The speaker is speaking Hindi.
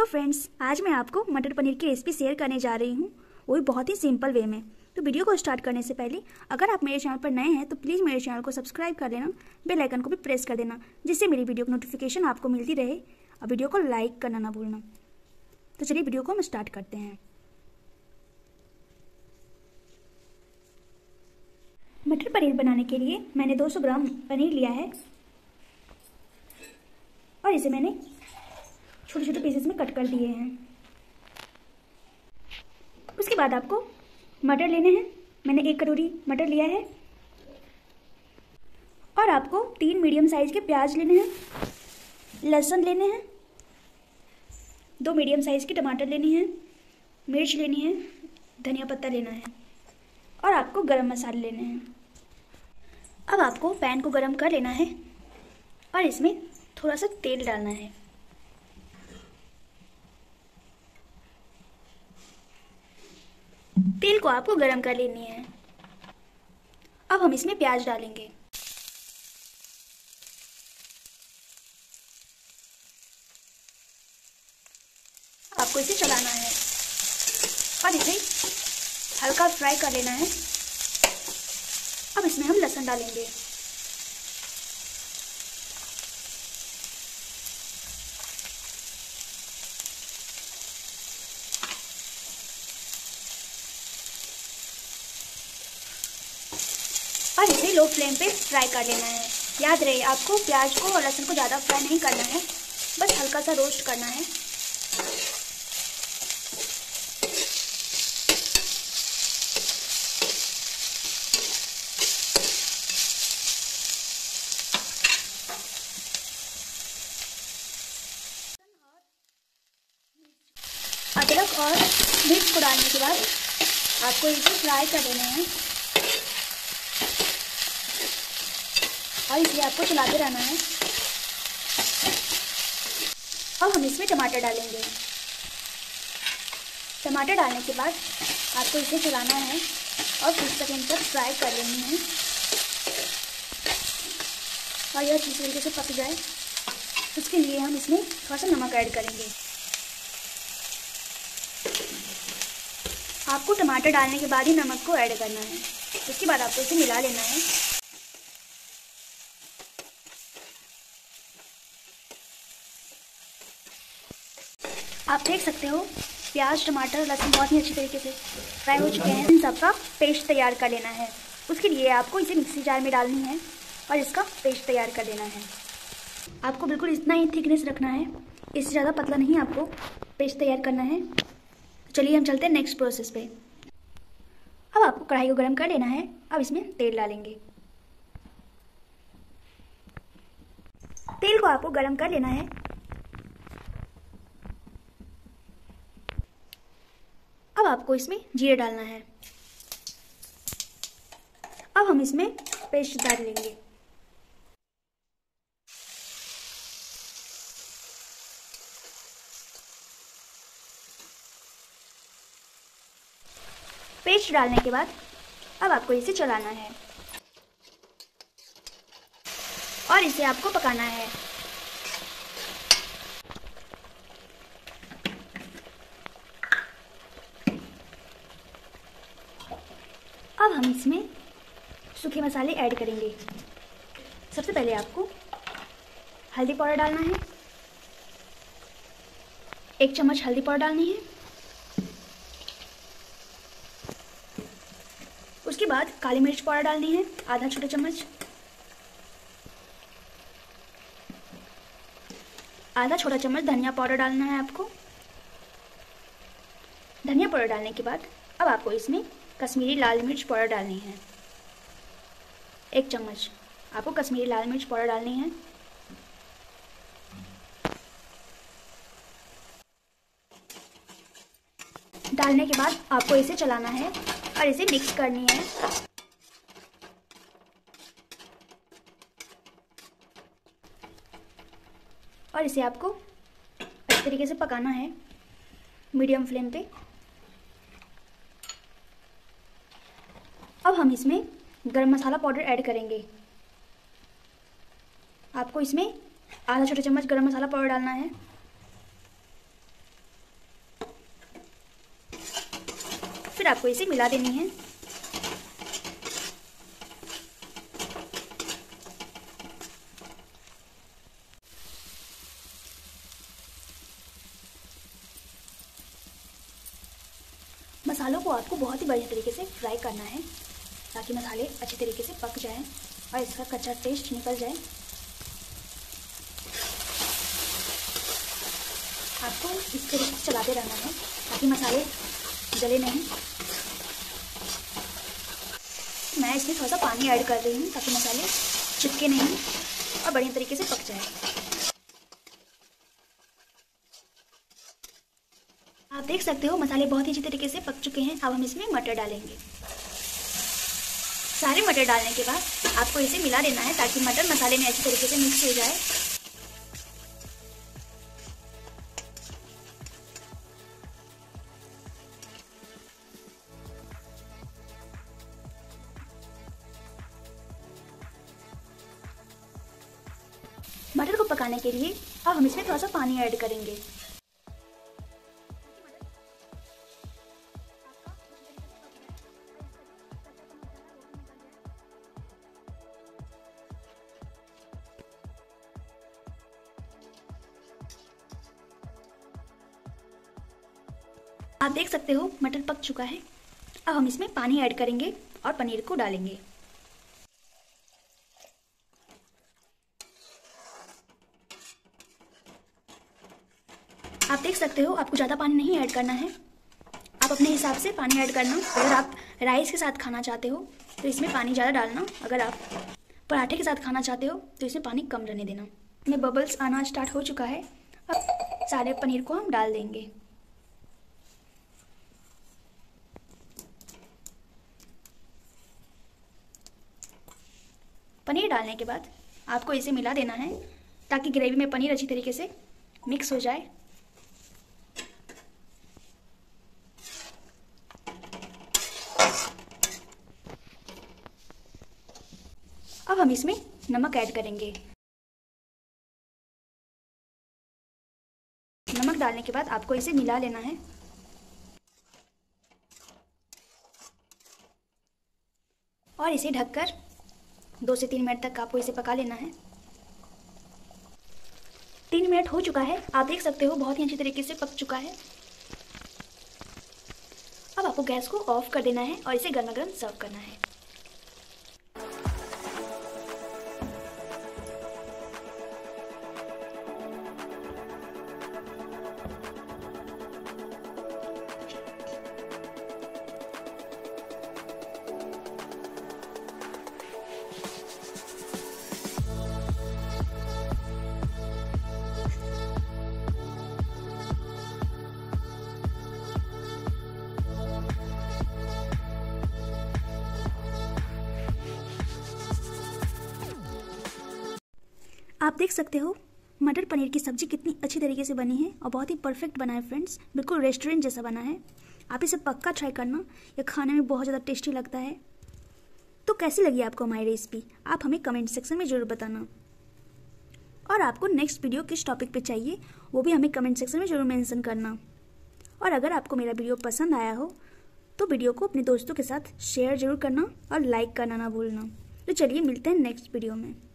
हेलो फ्रेंड्स आज मैं आपको मटर पनीर की रेसिपी शेयर करने जा रही हूँ वो भी बहुत ही सिंपल वे में तो वीडियो को स्टार्ट करने से पहले अगर आप मेरे चैनल पर नए हैं तो प्लीज़ मेरे चैनल को सब्सक्राइब कर देना बेल आइकन को भी प्रेस कर देना जिससे मेरी वीडियो की नोटिफिकेशन आपको मिलती रहे और वीडियो को लाइक करना ना भूलना तो चलिए वीडियो को हम स्टार्ट करते हैं मटर पनीर बनाने के लिए मैंने 200 ग्राम पनीर लिया है और इसे मैंने छोटे छोटे पीसेस में कट कर दिए हैं उसके बाद आपको मटर लेने हैं मैंने एक कटोरी मटर लिया है और आपको तीन मीडियम साइज़ के प्याज लेने हैं लहसुन लेने हैं दो मीडियम साइज़ के टमाटर लेने हैं मिर्च लेनी है धनिया पत्ता लेना है और आपको गरम मसाले लेने हैं अब आपको पैन को गरम कर लेना है और इसमें थोड़ा सा तेल डालना है तेल को आपको गर्म कर लेनी है अब हम इसमें प्याज डालेंगे आपको इसे चलाना है और इसे हल्का फ्राई कर लेना है अब इसमें हम लहसुन डालेंगे और इसे लो फ्लेम पे फ्राई कर लेना है याद रहे आपको प्याज को और लहसुन को ज़्यादा फ्राई नहीं करना है बस हल्का सा रोस्ट करना है अदरक और मिर्च को डालने के बाद आपको इसे फ्राई कर लेना है आपको चलाते रहना है अब हम इसमें टमाटर डालेंगे टमाटर डालने के बाद आपको इसे चलाना है और कुछ सेकेंड तक फ्राई कर लेनी है और यह अच्छी तरीके से पक जाए उसके लिए हम इसमें थोड़ा सा नमक ऐड करेंगे आपको टमाटर डालने के बाद ही नमक को ऐड करना है उसके बाद आपको इसे मिला लेना है आप देख सकते हो प्याज टमाटर लहसुन बहुत ही अच्छी तरीके से फ्राई हो चुके हैं इन सबका पेस्ट तैयार कर लेना है उसके लिए आपको इसे मिक्सी जार में डालनी है और इसका पेस्ट तैयार कर लेना है आपको बिल्कुल इतना ही थिकनेस रखना है इससे ज़्यादा पतला नहीं आपको पेस्ट तैयार करना है चलिए हम चलते हैं नेक्स्ट प्रोसेस पे अब आपको कढ़ाई को गर्म कर लेना है अब इसमें तेल डालेंगे तेल को आपको गर्म कर लेना है आपको इसमें जीरा डालना है अब हम इसमें पेस्ट डाल लेंगे पेस्ट डालने के बाद अब आपको इसे चलाना है और इसे आपको पकाना है अब हम इसमें सूखे मसाले ऐड करेंगे सबसे पहले आपको हल्दी पाउडर डालना है एक चम्मच हल्दी पाउडर डालनी है उसके बाद काली मिर्च पाउडर डालनी है आधा छोटा चम्मच आधा छोटा चम्मच धनिया पाउडर डालना है आपको धनिया पाउडर डालने के बाद अब आपको इसमें कश्मीरी लाल मिर्च पाउडर डालनी है एक चम्मच आपको कश्मीरी लाल मिर्च पाउडर डालनी है डालने के बाद आपको इसे चलाना है और इसे मिक्स करनी है और इसे आपको अच्छे तरीके से पकाना है मीडियम फ्लेम पे अब हम इसमें गरम मसाला पाउडर ऐड करेंगे आपको इसमें आधा छोटा चम्मच गरम मसाला पाउडर डालना है फिर आपको इसे मिला देनी है मसालों को आपको बहुत ही बढ़िया तरीके से फ्राई करना है ताकि मसाले अच्छे तरीके से पक जाएं और इसका कच्चा टेस्ट निकल जाए आपको इस तरीके से चलाते रहना है ताकि मसाले जले नहीं मैं इसमें थोड़ा सा पानी ऐड कर रही हूँ ताकि मसाले चिपके नहीं और बढ़िया तरीके से पक जाए आप देख सकते हो मसाले बहुत ही अच्छी तरीके से पक चुके हैं अब हम इसमें मटर डालेंगे सारे मटर डालने के बाद आपको इसे मिला देना है ताकि मटर मसाले में अच्छी तरीके से मिक्स हो जाए मटर को पकाने के लिए अब हम इसमें थोड़ा सा पानी ऐड करेंगे आप देख सकते हो मटन पक चुका है अब हम इसमें पानी ऐड करेंगे और पनीर को डालेंगे आप देख सकते हो आपको ज़्यादा पानी नहीं ऐड करना है आप अपने हिसाब से पानी ऐड करना अगर आप राइस के साथ खाना चाहते हो तो इसमें पानी ज़्यादा डालना अगर आप पराठे के साथ खाना चाहते हो तो इसमें पानी कम रहने देना में बबल्स आना स्टार्ट हो चुका है अब सारे पनीर को हम डाल देंगे पनीर डालने के बाद आपको इसे मिला देना है ताकि ग्रेवी में पनीर अच्छी तरीके से मिक्स हो जाए अब हम इसमें नमक ऐड करेंगे नमक डालने के बाद आपको इसे मिला लेना है और इसे ढककर दो से तीन मिनट तक आपको इसे पका लेना है तीन मिनट हो चुका है आप देख सकते हो बहुत ही अच्छी तरीके से पक चुका है अब आपको गैस को ऑफ कर देना है और इसे गर्मा गर्म सर्व करना है आप देख सकते हो मटर पनीर की सब्जी कितनी अच्छी तरीके से बनी है और बहुत ही परफेक्ट बना है फ्रेंड्स बिल्कुल रेस्टोरेंट जैसा बना है आप इसे पक्का ट्राई करना यह खाने में बहुत ज़्यादा टेस्टी लगता है तो कैसी लगी आपको हमारी रेसिपी आप हमें कमेंट सेक्शन में ज़रूर बताना और आपको नेक्स्ट वीडियो किस टॉपिक पे चाहिए वो भी हमें कमेंट सेक्शन में ज़रूर मेंशन करना और अगर आपको मेरा वीडियो पसंद आया हो तो वीडियो को अपने दोस्तों के साथ शेयर जरूर करना और लाइक करना ना भूलना तो चलिए मिलते हैं नेक्स्ट वीडियो में